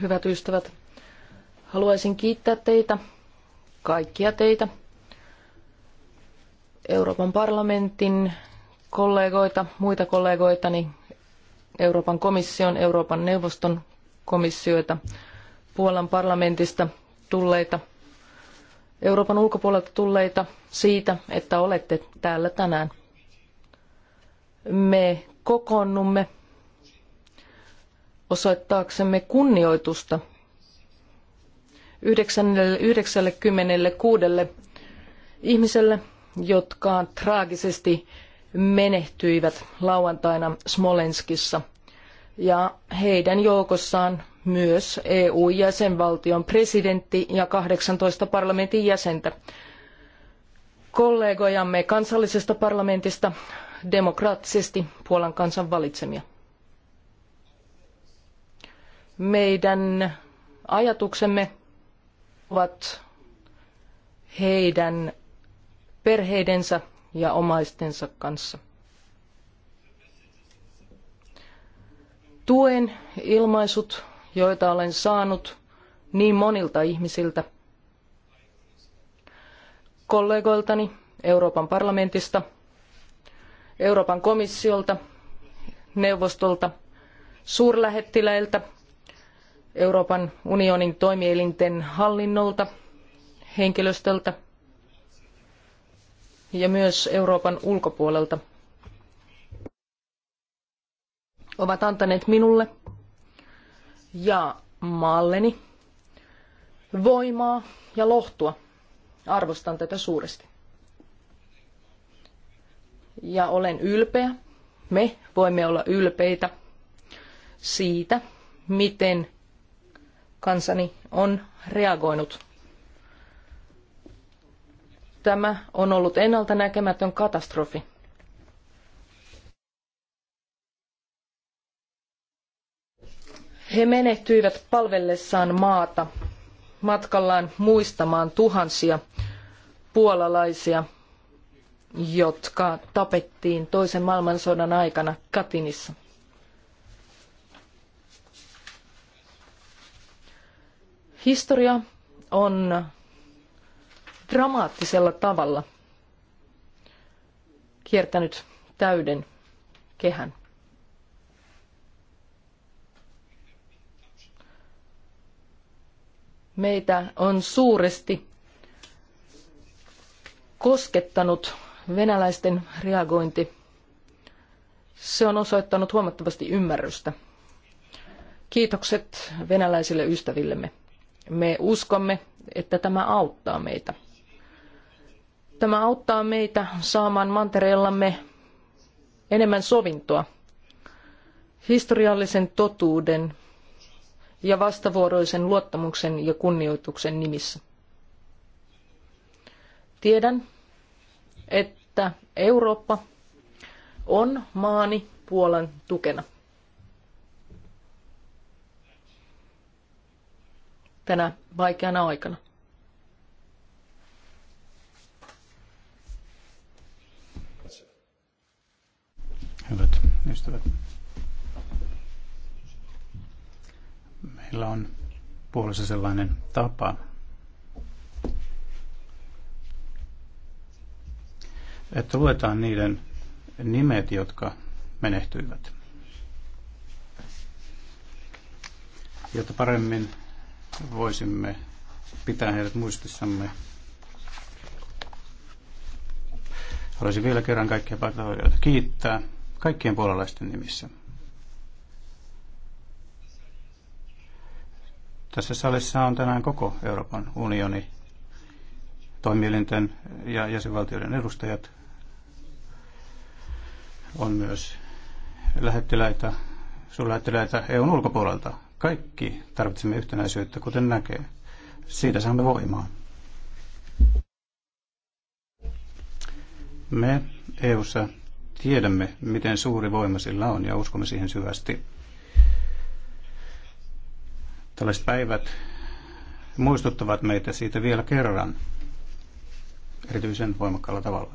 Hyvät ystävät, haluaisin kiittää teitä, kaikkia teitä, Euroopan parlamentin kollegoita, muita kollegoitani, Euroopan komission, Euroopan neuvoston komissioita, Puolan parlamentista tulleita, Euroopan ulkopuolelta tulleita siitä, että olette täällä tänään me kokoonnumme osoittaaksemme kunnioitusta 96 ihmiselle, jotka traagisesti menehtyivät lauantaina Smolenskissa ja heidän joukossaan myös EU-jäsenvaltion presidentti ja 18 parlamentin jäsentä. Kollegojamme kansallisesta parlamentista demokraattisesti Puolan kansan valitsemia. Meidän ajatuksemme ovat heidän perheidensä ja omaistensa kanssa. Tuen ilmaisut, joita olen saanut niin monilta ihmisiltä, kollegoiltani Euroopan parlamentista – Euroopan komissiolta, neuvostolta, suurlähettiläiltä, Euroopan unionin toimielinten hallinnolta, henkilöstöltä ja myös Euroopan ulkopuolelta ovat antaneet minulle ja maalleni voimaa ja lohtua. Arvostan tätä suuresti ja olen ylpeä. Me voimme olla ylpeitä siitä, miten kansani on reagoinut. Tämä on ollut ennalta näkemätön katastrofi. He menehtyivät palvellessaan maata matkallaan muistamaan tuhansia puolalaisia – jotka tapettiin toisen maailmansodan aikana Katinissa. Historia on dramaattisella tavalla kiertänyt täyden kehän. Meitä on suuresti koskettanut venäläisten reagointi, se on osoittanut huomattavasti ymmärrystä. Kiitokset venäläisille ystävillemme. Me uskomme, että tämä auttaa meitä. Tämä auttaa meitä saamaan mantereellamme enemmän sovintoa, historiallisen totuuden ja vastavuoroisen luottamuksen ja kunnioituksen nimissä. Tiedän, että Eurooppa on maani Puolan tukena. Tänä vaikeana aikana. Hyvät ystävät, meillä on puolessa sellainen tapa, että luetaan niiden nimet, jotka menehtyivät, jotta paremmin voisimme pitää heidät muistissamme. Haluaisin vielä kerran kaikkia partioita kiittää kaikkien puolalaisten nimissä. Tässä salissa on tänään koko Euroopan unioni, toimielinten ja jäsenvaltioiden edustajat, on myös lähettiläitä, suurlähettiläitä EUn ulkopuolelta. Kaikki tarvitsemme yhtenäisyyttä, kuten näkee. Siitä saamme voimaa. Me EUssa tiedämme, miten suuri voima sillä on ja uskomme siihen syvästi. Tällaiset päivät muistuttavat meitä siitä vielä kerran erityisen voimakkaalla tavalla.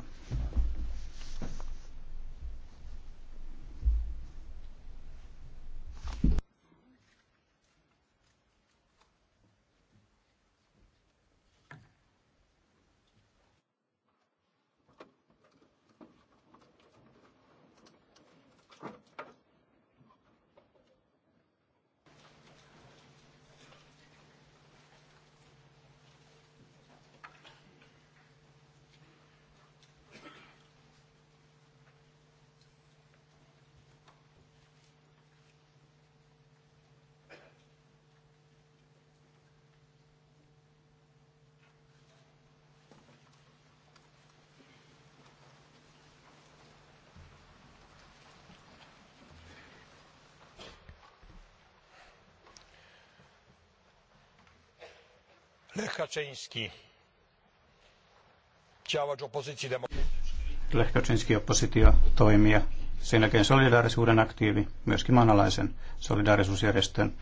Kaczyński, działacz opozycji demokratycznej. Lech Kaczynski toimija. sen jälkeen solidaarisuuden aktiivi, myöskin maanalaisen solidaarisuusjärjestön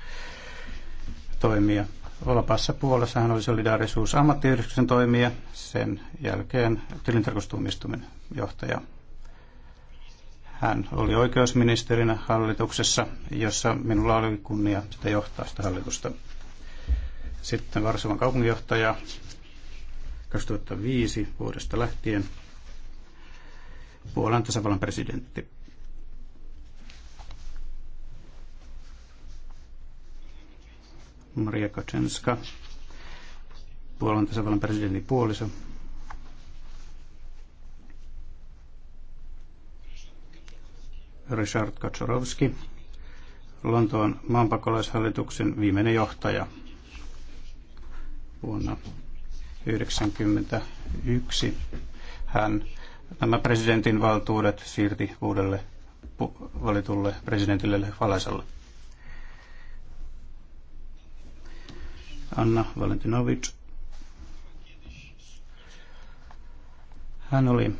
toimija. Olapassa puolessa hän oli solidaarisuus ammattiyhdistyksen toimija, sen jälkeen tilintarkastustuomioistuimen johtaja. Hän oli oikeusministerinä hallituksessa, jossa minulla oli kunnia sitä johtaa sitä hallitusta. Sitten Varsovan kaupunginjohtaja 2005 vuodesta lähtien. Puolan tasavallan presidentti. Maria Kaczynska, Puolan tasavallan presidentin puoliso. Richard Kaczorowski, Lontoon maanpakolaishallituksen viimeinen johtaja vuonna 1991 hän nämä presidentin valtuudet siirti uudelle valitulle presidentille Falasalle. Anna Valentinovic. Hän oli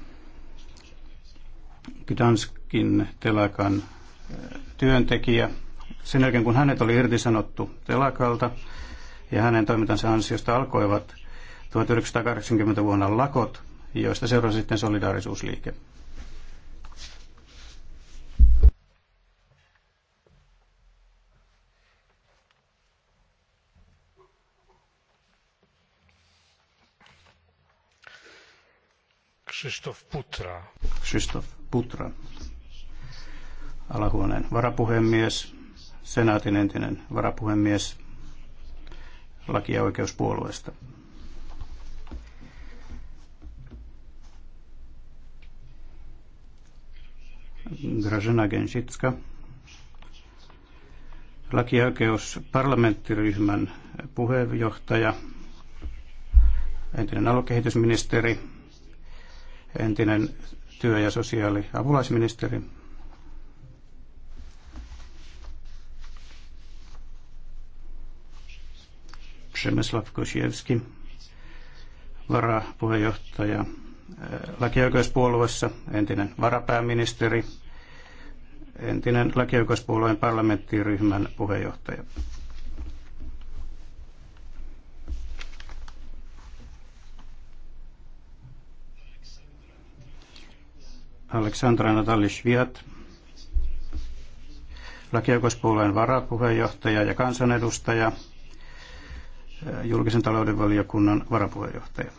Gdanskin telakan eh, työntekijä. Sen jälkeen kun hänet oli irtisanottu telakalta, ja hänen toimintansa ansiosta alkoivat 1980 vuonna lakot, joista seurasi sitten solidaarisuusliike. Krzysztof Putra. Krzysztof Putra. Alahuoneen varapuhemies, senaatin entinen varapuhemies, laki- ja oikeuspuolueesta. Grażyna Gensitska, laki- ja oikeusparlamenttiryhmän puheenjohtaja, entinen aluekehitysministeri, entinen työ- ja sosiaaliapulaisministeri Przemysław Kosiewski, varapuheenjohtaja e, lakioikeuspuolueessa, entinen varapääministeri, entinen lakioikeuspuolueen parlamenttiryhmän puheenjohtaja. Aleksandra Natalishviat, lakioikeuspuolueen varapuheenjohtaja ja kansanedustaja, julkisen talouden valiokunnan varapuheenjohtaja.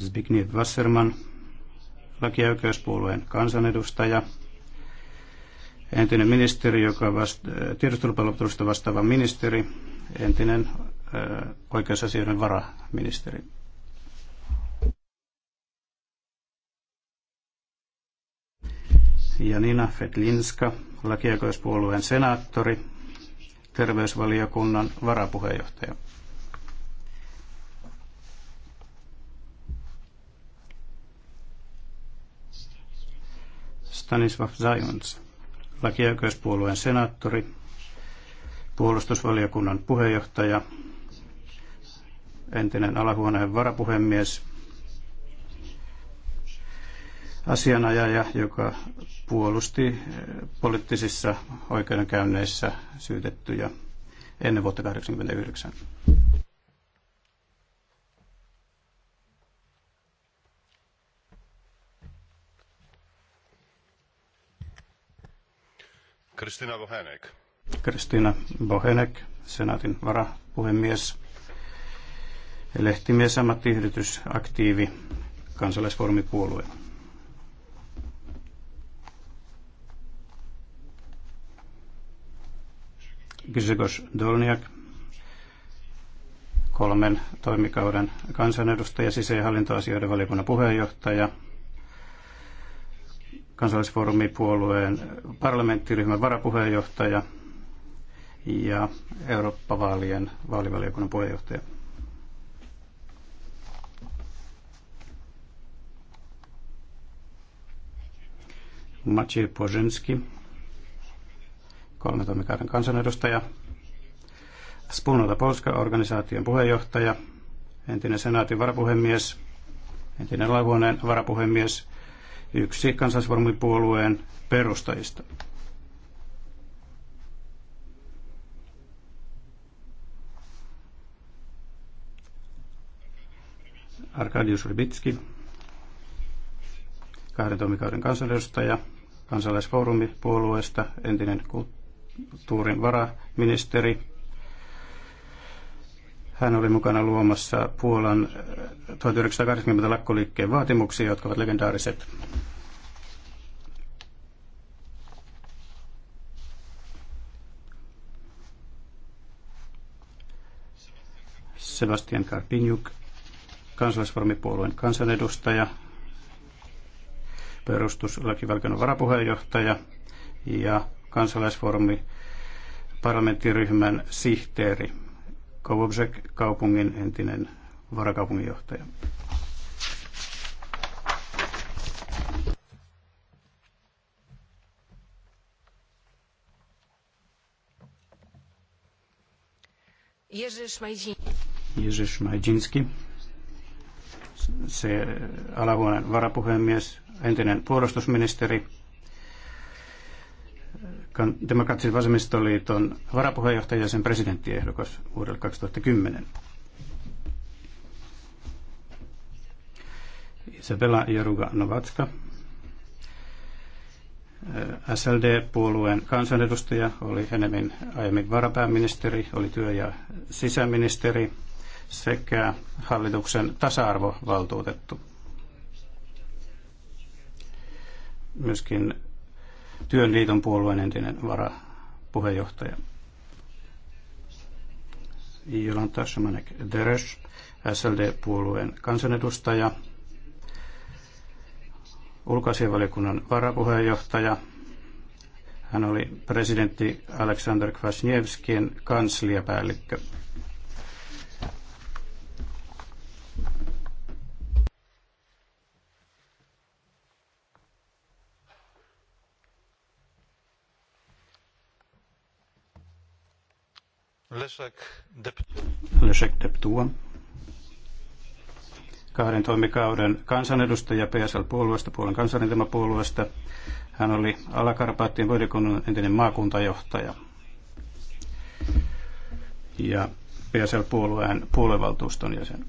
Zbigniew Wasserman, laki- ja oikeuspuolueen kansanedustaja, entinen ministeri, joka vasta, tiedustelupalvelusta vastaava ministeri, entinen oikeusasioiden varaministeri. Janina Fedlinska, lakiekoispuolueen senaattori, terveysvaliokunnan varapuheenjohtaja. Stanislav Zajons, lakiekoispuolueen senaattori, puolustusvaliokunnan puheenjohtaja, entinen alahuoneen varapuhemies asianajaja, joka puolusti eh, poliittisissa oikeudenkäynneissä syytettyjä ennen vuotta 1989. Kristina Bohenek. Kristina Bohenek, senaatin varapuhemies, lehtimies, ammattiyhdistys, aktiivi, kansalaisformipuolue. Grzegorz Dolniak, kolmen toimikauden kansanedustaja, sisä- ja hallintoasioiden valiokunnan puheenjohtaja, kansallisfoorumipuolueen parlamenttiryhmän varapuheenjohtaja ja Eurooppa-vaalien vaalivaliokunnan puheenjohtaja. Maciej Pożynski kolme toimikauden kansanedustaja, Spunnota Polska, organisaation puheenjohtaja, entinen senaatin varapuhemies, entinen laivuoneen varapuhemies, yksi kansallisvormipuolueen perustajista. Arkadius Rybitski, kahden toimikauden kansanedustaja, kansalaisfoorumi puolueesta, entinen kulttuuri kulttuurin varaministeri. Hän oli mukana luomassa Puolan 1980 lakkoliikkeen vaatimuksia, jotka ovat legendaariset. Sebastian Karpinjuk, kansallisformipuolueen kansanedustaja, perustuslakivaliokunnan varapuheenjohtaja ja kansalaisfoorumin parlamenttiryhmän sihteeri, Kovubsek kaupungin entinen varakaupunginjohtaja. Jerzy Szmajdziński. Jerzy Szmajdziński, se alahuoneen varapuhemies, entinen puolustusministeri, demokraattisen vasemmistoliiton varapuheenjohtaja ja sen presidenttiehdokas vuodelle 2010. Isabella Jaruga Novatska, SLD-puolueen kansanedustaja, oli enemmän aiemmin varapääministeri, oli työ- ja sisäministeri sekä hallituksen tasa-arvovaltuutettu. Myöskin Työnliiton puolueen entinen varapuheenjohtaja. Jolanta Shamanek Deres, SLD-puolueen kansanedustaja, ulkoasianvaliokunnan varapuheenjohtaja. Hän oli presidentti Aleksander Kvasniewskin kansliapäällikkö. Leszek, Dep- Leszek Deptua. Kahden toimikauden kansanedustaja PSL-puolueesta, puolen kansanintemapuolueesta. Hän oli Alakarpaattien voidekunnan entinen maakuntajohtaja ja PSL-puolueen puoluevaltuuston jäsen.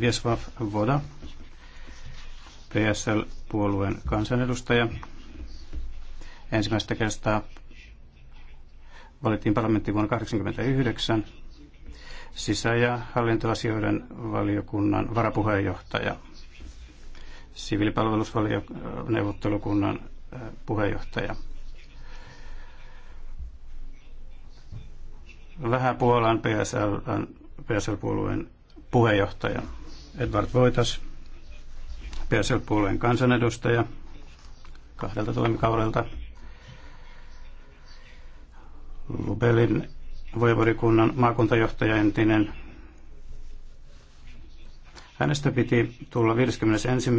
Viesvav Voda, PSL-puolueen kansanedustaja. Ensimmäistä kertaa valittiin parlamenttiin vuonna 1989 sisä- ja hallintoasioiden valiokunnan varapuheenjohtaja, siviilipalvelusneuvottelukunnan äh, puheenjohtaja. Vähän Puolan PSL, äh, PSL-puolueen puheenjohtaja Edward Voitas, PSL-puolueen kansanedustaja kahdelta toimikaudelta – Lubelin voivorikunnan maakuntajohtaja entinen. Hänestä piti tulla 51.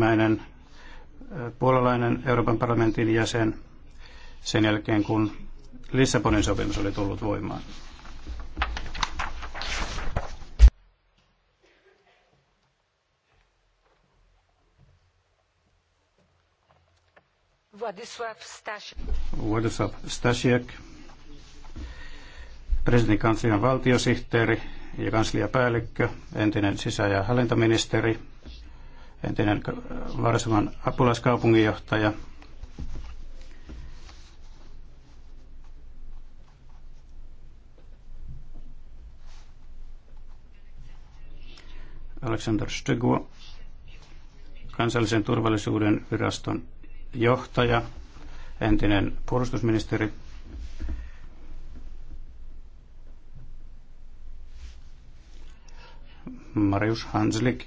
puolalainen Euroopan parlamentin jäsen sen jälkeen, kun Lissabonin sopimus oli tullut voimaan. Władysław Stasiak. Władysław Stasiak? presidentin kanslian valtiosihteeri ja kansliapäällikkö, entinen sisä- ja hallintoministeri, entinen Varsovan apulaiskaupunginjohtaja, Alexander Stygua, kansallisen turvallisuuden viraston johtaja, entinen puolustusministeri Marius Hanslik,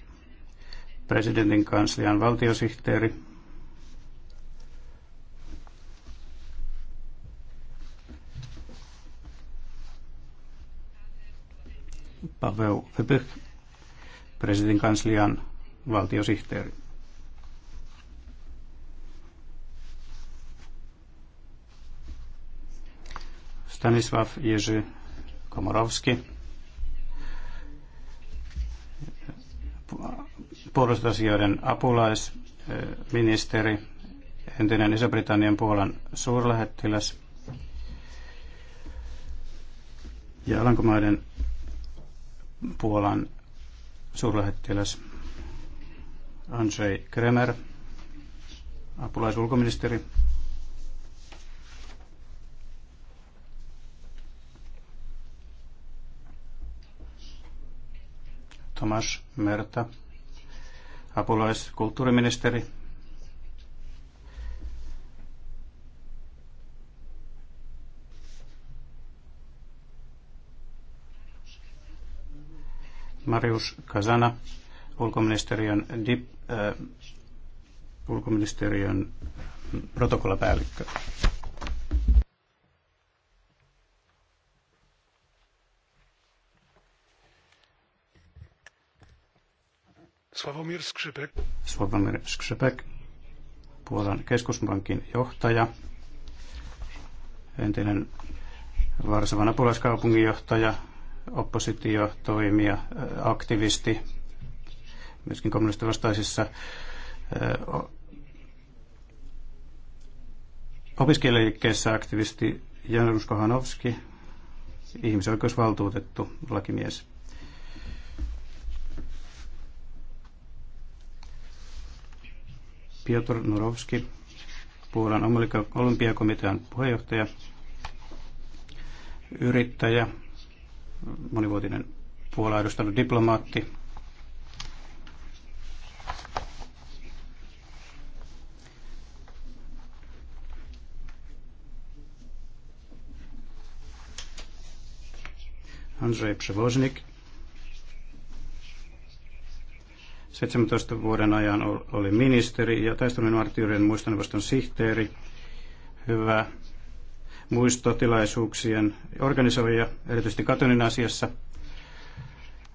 presidentin kanslian valtiosihteeri. Pavel Fepych, presidentin kanslian valtiosihteeri. Stanisław Jerzy Komorowski, puolustusasioiden apulaisministeri, entinen Iso-Britannian Puolan suurlähettiläs ja Alankomaiden Puolan suurlähettiläs Andrzej Kremer, apulaisulkoministeri. Tomasz Merta, apulaiskulttuuriministeri. Marius Kazana, ulkoministeriön, dip, äh, ulkoministeriön protokollapäällikkö. Sławomir Skrzypek. Sławomir Skrzypek, Puolan keskuspankin johtaja, entinen Varsovan apulaiskaupunginjohtaja, oppositiotoimija, aktivisti, myöskin kommunistivastaisissa opiskelijaliikkeessä aktivisti Janusz Kohanowski, ihmisoikeusvaltuutettu lakimies. Piotr Nurovski, Puolan olympiakomitean puheenjohtaja, yrittäjä, monivuotinen Puolaa edustanut diplomaatti, Andrzej Przewoźnik, 17 vuoden ajan oli ministeri ja taistelun marttyyrien muistoneuvoston sihteeri. Hyvä muistotilaisuuksien organisoija, erityisesti Katonin asiassa.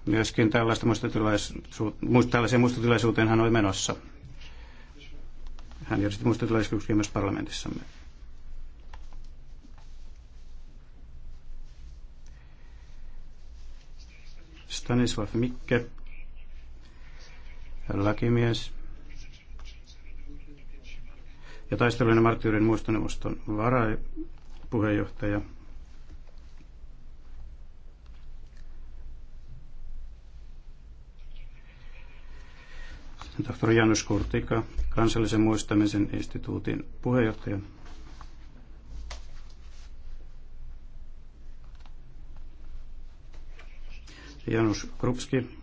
Myöskin tällaista muistotilaisu- tällaiseen muistotilaisuuteen hän oli menossa. Hän järjesti muistotilaisuuksia myös parlamentissamme. Stanislav Mikke, lakimies ja taistelujen ja marttyyden muistoneuvoston varapuheenjohtaja. Tohtori Janus Kurtika, kansallisen muistamisen instituutin puheenjohtaja. Janus Krupski,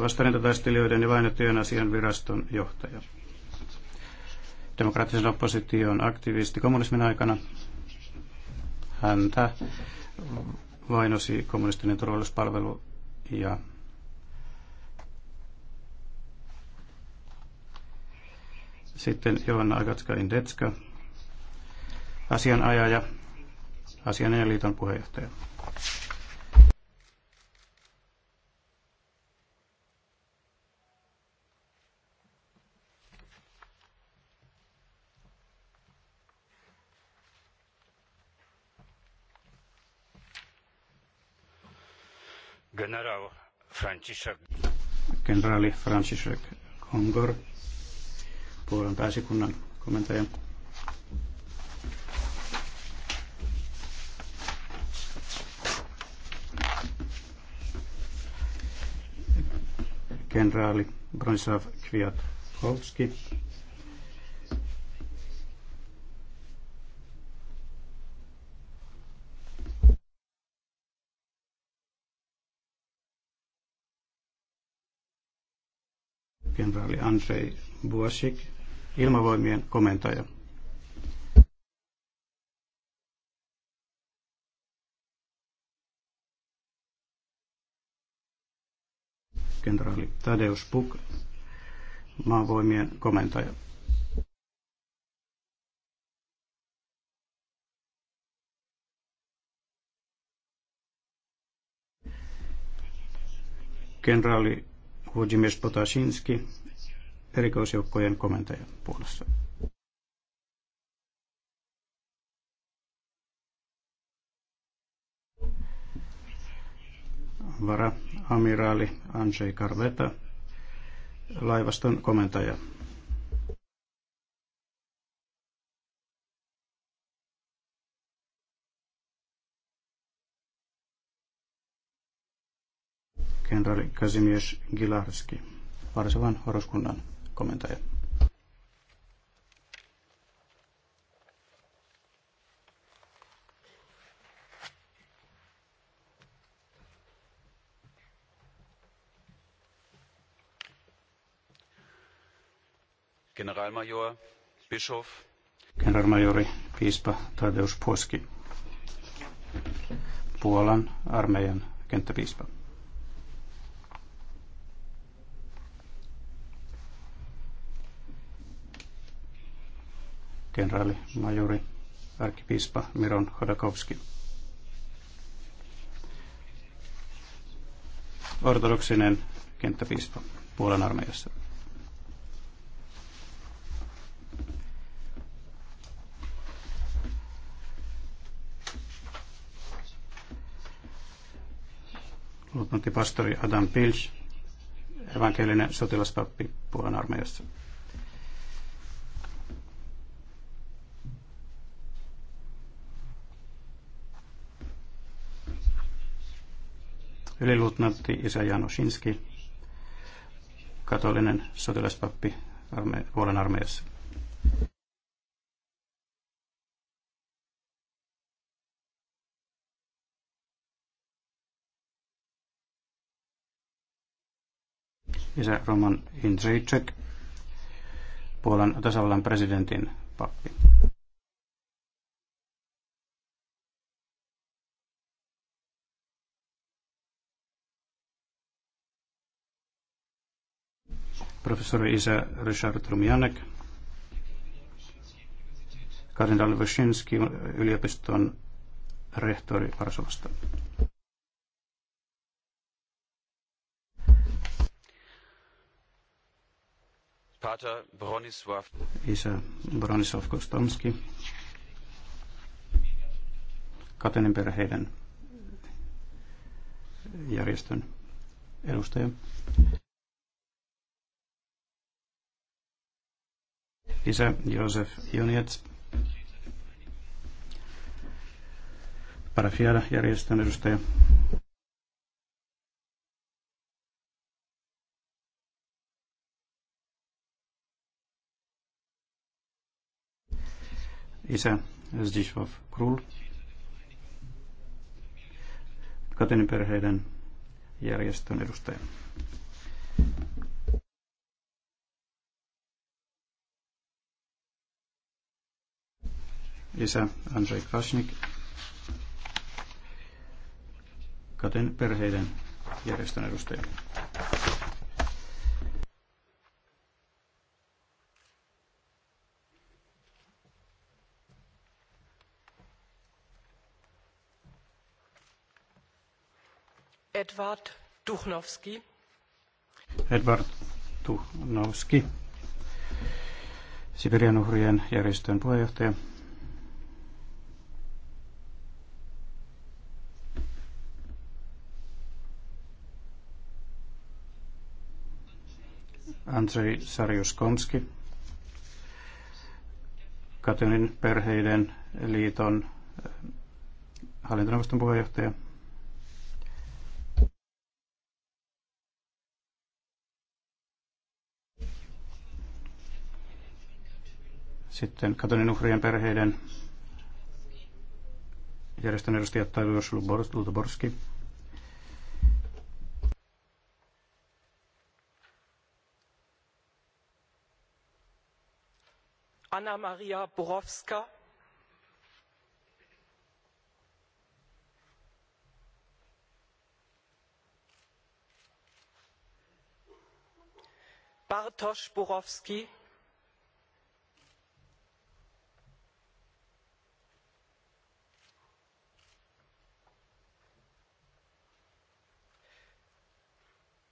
vastarintataistelijoiden ja vainotyön asian viraston johtaja. Demokraattisen opposition aktivisti kommunismin aikana. Häntä vainosi kommunistinen turvallisuuspalvelu ja Sitten Joanna Agatska-Indetska, asianajaja, asianajaliiton puheenjohtaja. Kenraali Franciszek Kongor, Puolan pääsikunnan komentaja. Kenraali Bronislav Kwiatkowski, oli Andrei Buosik, ilmavoimien komentaja. kenraali Tadeusz Puk, maavoimien komentaja. Kenraali Włodzimierz Potasinski erikoisjoukkojen komentajan puolessa. Vara amiraali Andrzej Karveta, laivaston komentaja. kenraali Kazimierz Gilarski, Varsovan horoskunnan kommentoida. Generalmajor, Bischof. Generalmajori, piispa Tadeusz Puoski, Puolan armeijan kenttäpiispa. kenraali, majuri, arkkipiispa Miron Hodakovski. Ortodoksinen kenttäpiispa Puolan armeijassa. Luutnantti pastori Adam Pilch, evankelinen sotilaspappi Puolan armeijassa. Yliluutnantti Isä Oshinski, katolinen sotilaspappi arme- Puolen armeijassa. Isä Roman Indrzejczyk, Puolan tasavallan presidentin pappi. professori Isa Richard Rumianek, kardinaali Wyszynski yliopiston rehtori Varsovasta. Pater Bronisław. Isä Bronisław Kostomski. Katenin perheiden järjestön edustaja. isä Josef Juniets, Parafiada järjestön edustaja. Isä Zdzisław Krul, Katinin perheiden järjestön edustaja. isä Andrei Kasnik, Katen perheiden järjestön edustaja. Edward Duchnowski. Edward Duchnowski, Siberian uhrien järjestön puheenjohtaja. Andrei Sarjuskonski, Katynin perheiden liiton eh, hallintoneuvoston puheenjohtaja. Sitten Katonin uhrien perheiden järjestön edustaja Tadeusz Luborski. anna maria borowska bartosz borowski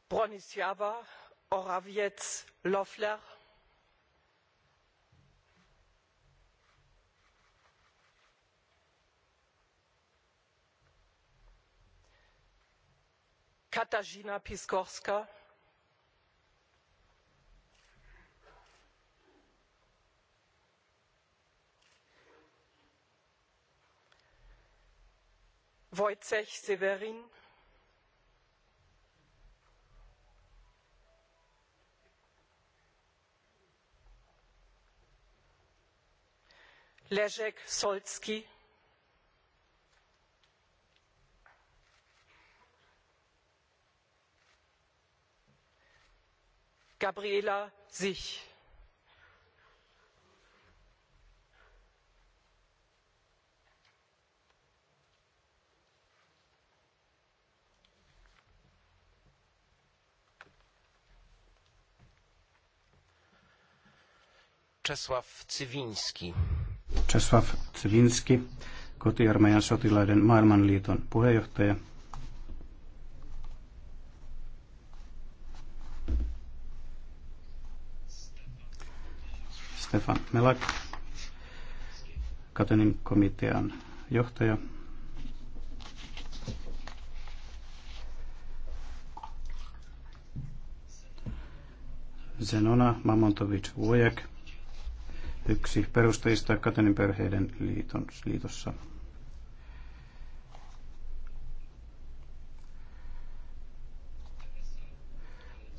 bronisława orawiec loffler katarzyna piskorska wojciech seweryn leszek solski gabriela sich. Czesław Cywiński. Czesław Cywiński, kotiarmeijan sotilaiden maailmanliiton puheenjohtaja. Stefan Melak, Katenin komitean johtaja. Zenona Mamontovic Wojek, yksi perustajista Katenin perheiden liiton, liitossa.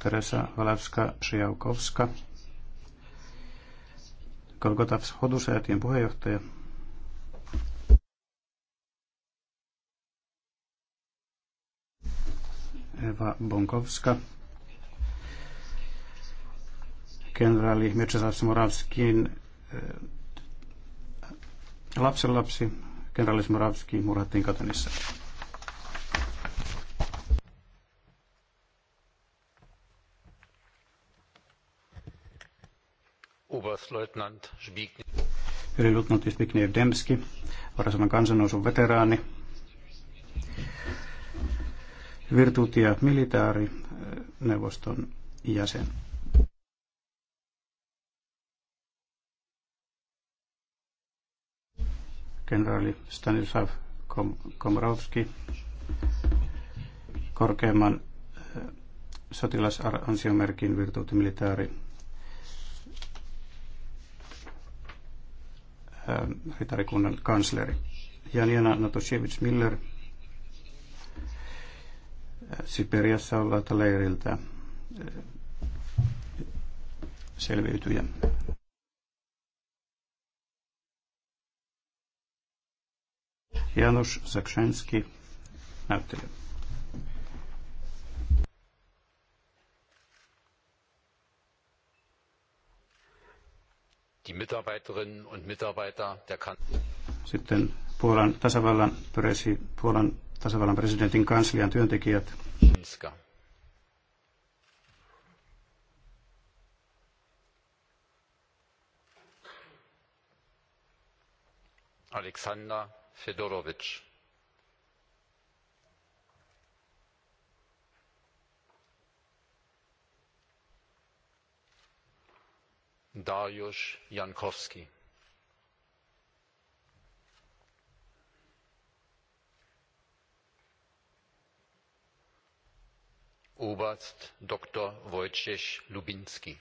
Teresa Walewska-Szyjałkowska, Kalkotavs Hotusäätiön puheenjohtaja. Eva Bonkovska, kenraali Mircea Smoravskin eh, lapsenlapsi, kenraali Smoravski murhattiin katonissa. Oberstleutnant Zbigniew. Yliluutnantti Zbigniew Demski, Varsovan kansannousun veteraani, virtuutia Militaari, neuvoston jäsen. Kenraali Stanislav Kom- Komrovski, korkeimman eh, sotilasansiomerkin virtuutimilitaari Äh, ritarikunnan kansleri. Janina Natosiewicz Miller äh, Siperiassa ollaan leiriltä äh, selviytyjä. Janusz Zakrzewski näyttelijä. die Mitarbeiterinnen und Mitarbeiter der Sitten Puolan tasavallan, presi, Puolan tasavallan presidentin kanslian työntekijät. Minska. Alexander Fedorovich. Dariusz Jankowski. Oberst Dr. Wojciech Lubinski.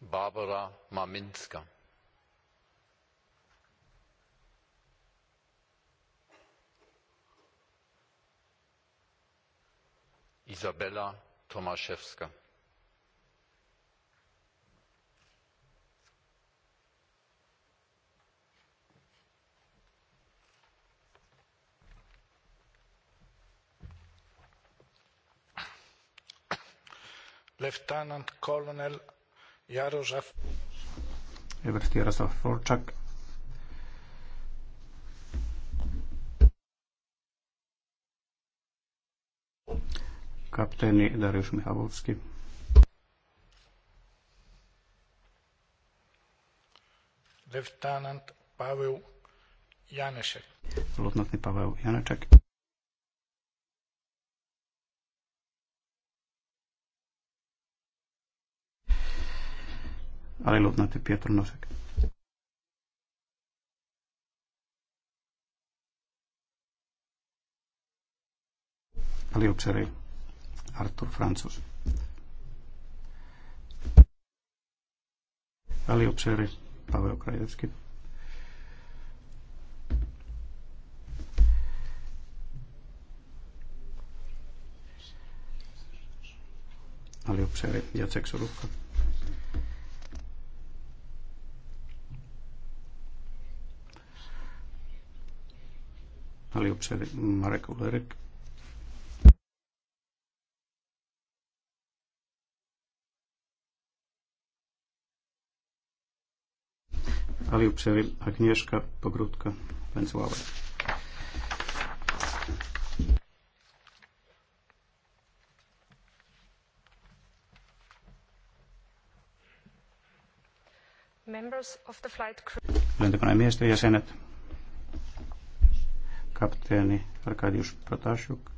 Barbara Maminska. Isabella Tomaszewska. Lieutenant Colonel Jarosław Jarosław Forczak kapteeni Darius Mihalovski. Lieutenant Pavel Janeczek. Lieutenant Pavel Janeczek. Ali lieutenant Pietro Nosek. Ali upseeri Arthur Francus. Aliupseeri Pavel Krajewski. Aliupseeri Jacek Surukka. Aliupseeri Marek Ulerik. Aliupseeri Agnieszka Pogrutka, Venezuela. Members of the flight crew. Lentokoneen miesten jäsenet, kapteeni Arkadius Protasiuk,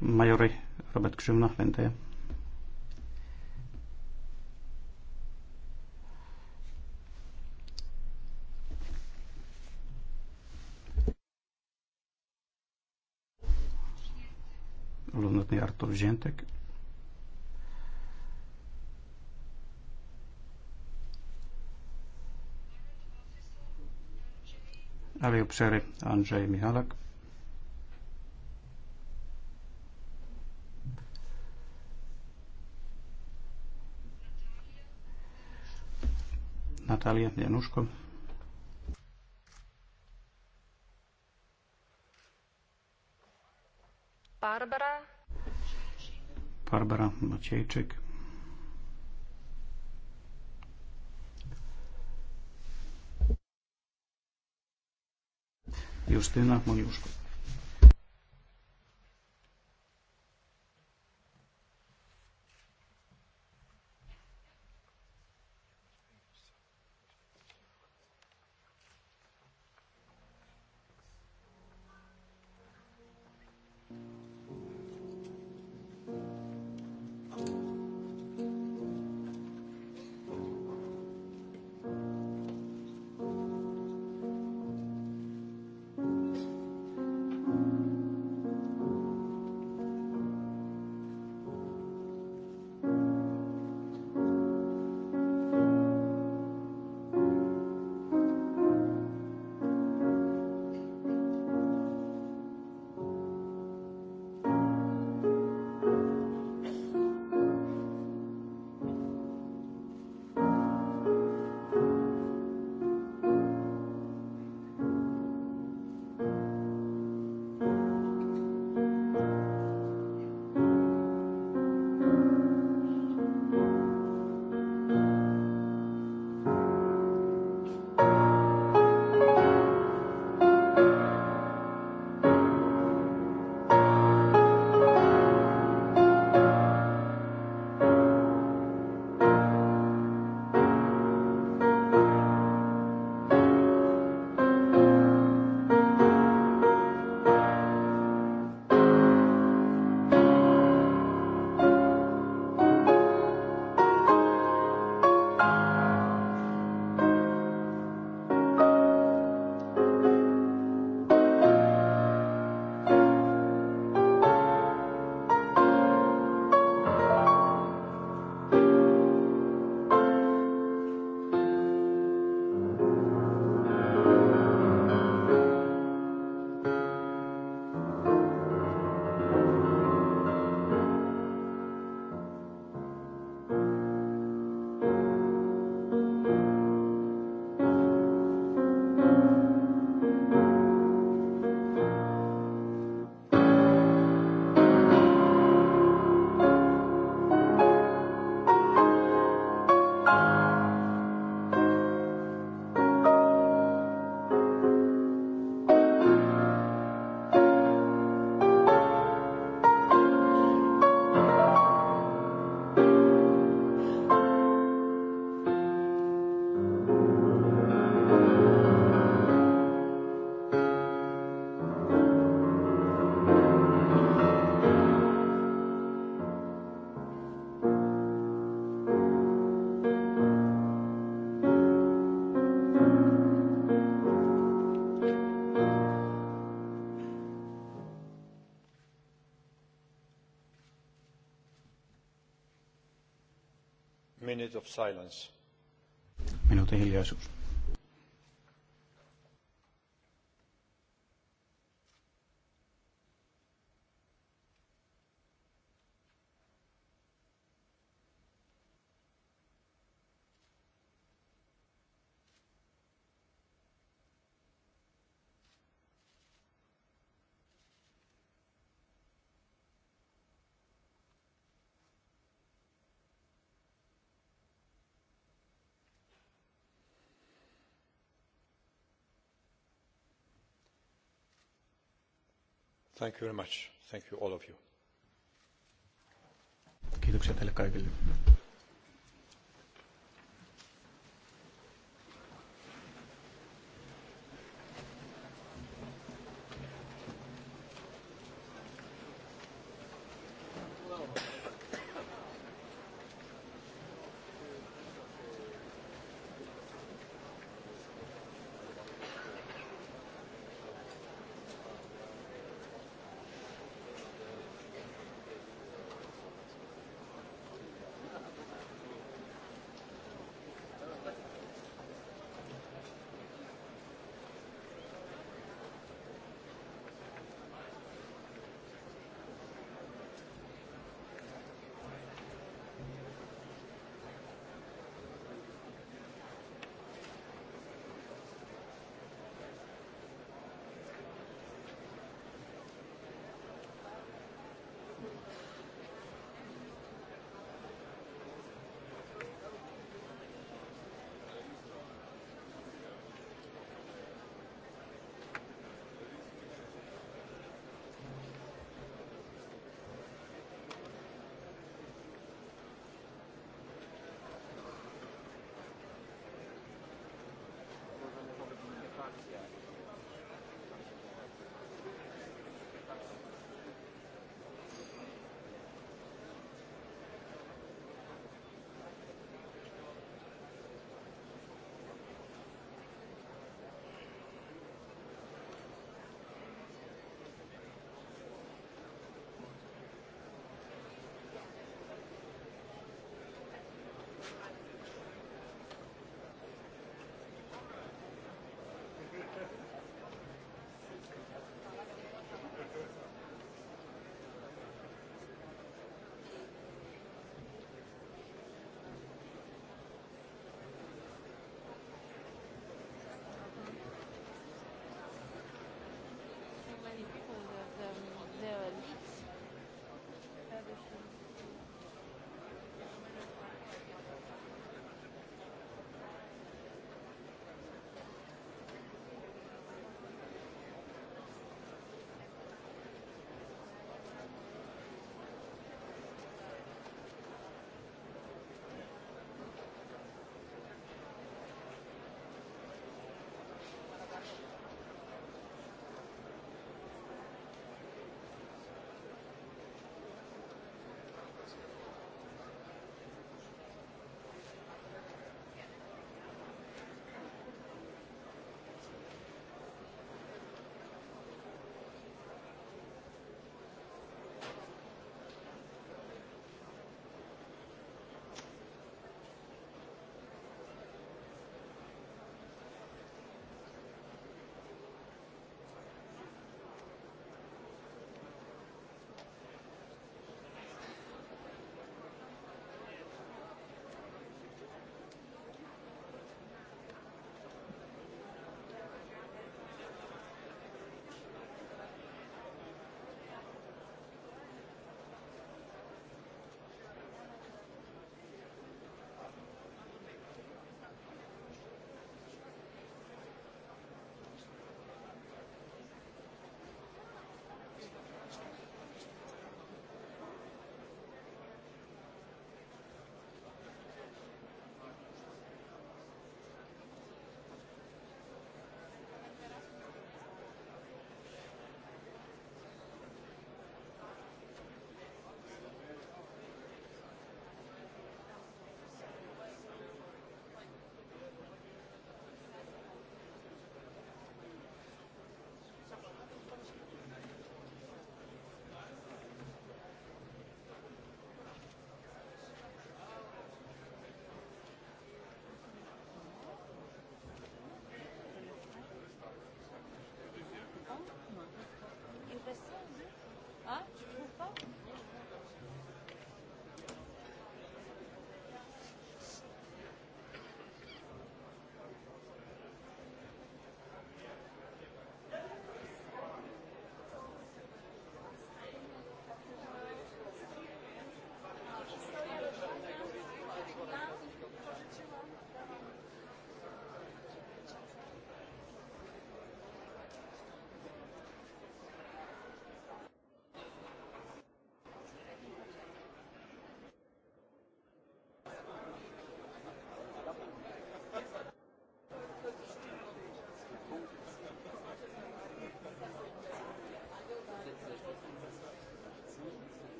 majori Robert Krzymna lentäjä. Lądotny Artur Wziętek. Aliupseri Andrzej Michalak. Natalia Janusko. Barbara. Barbara Maciejczyk. Justyna Moniuszko. minute of silence. hiljaisuus. Thank you very much. Thank you all of you. Kiitoksia teille kaikille.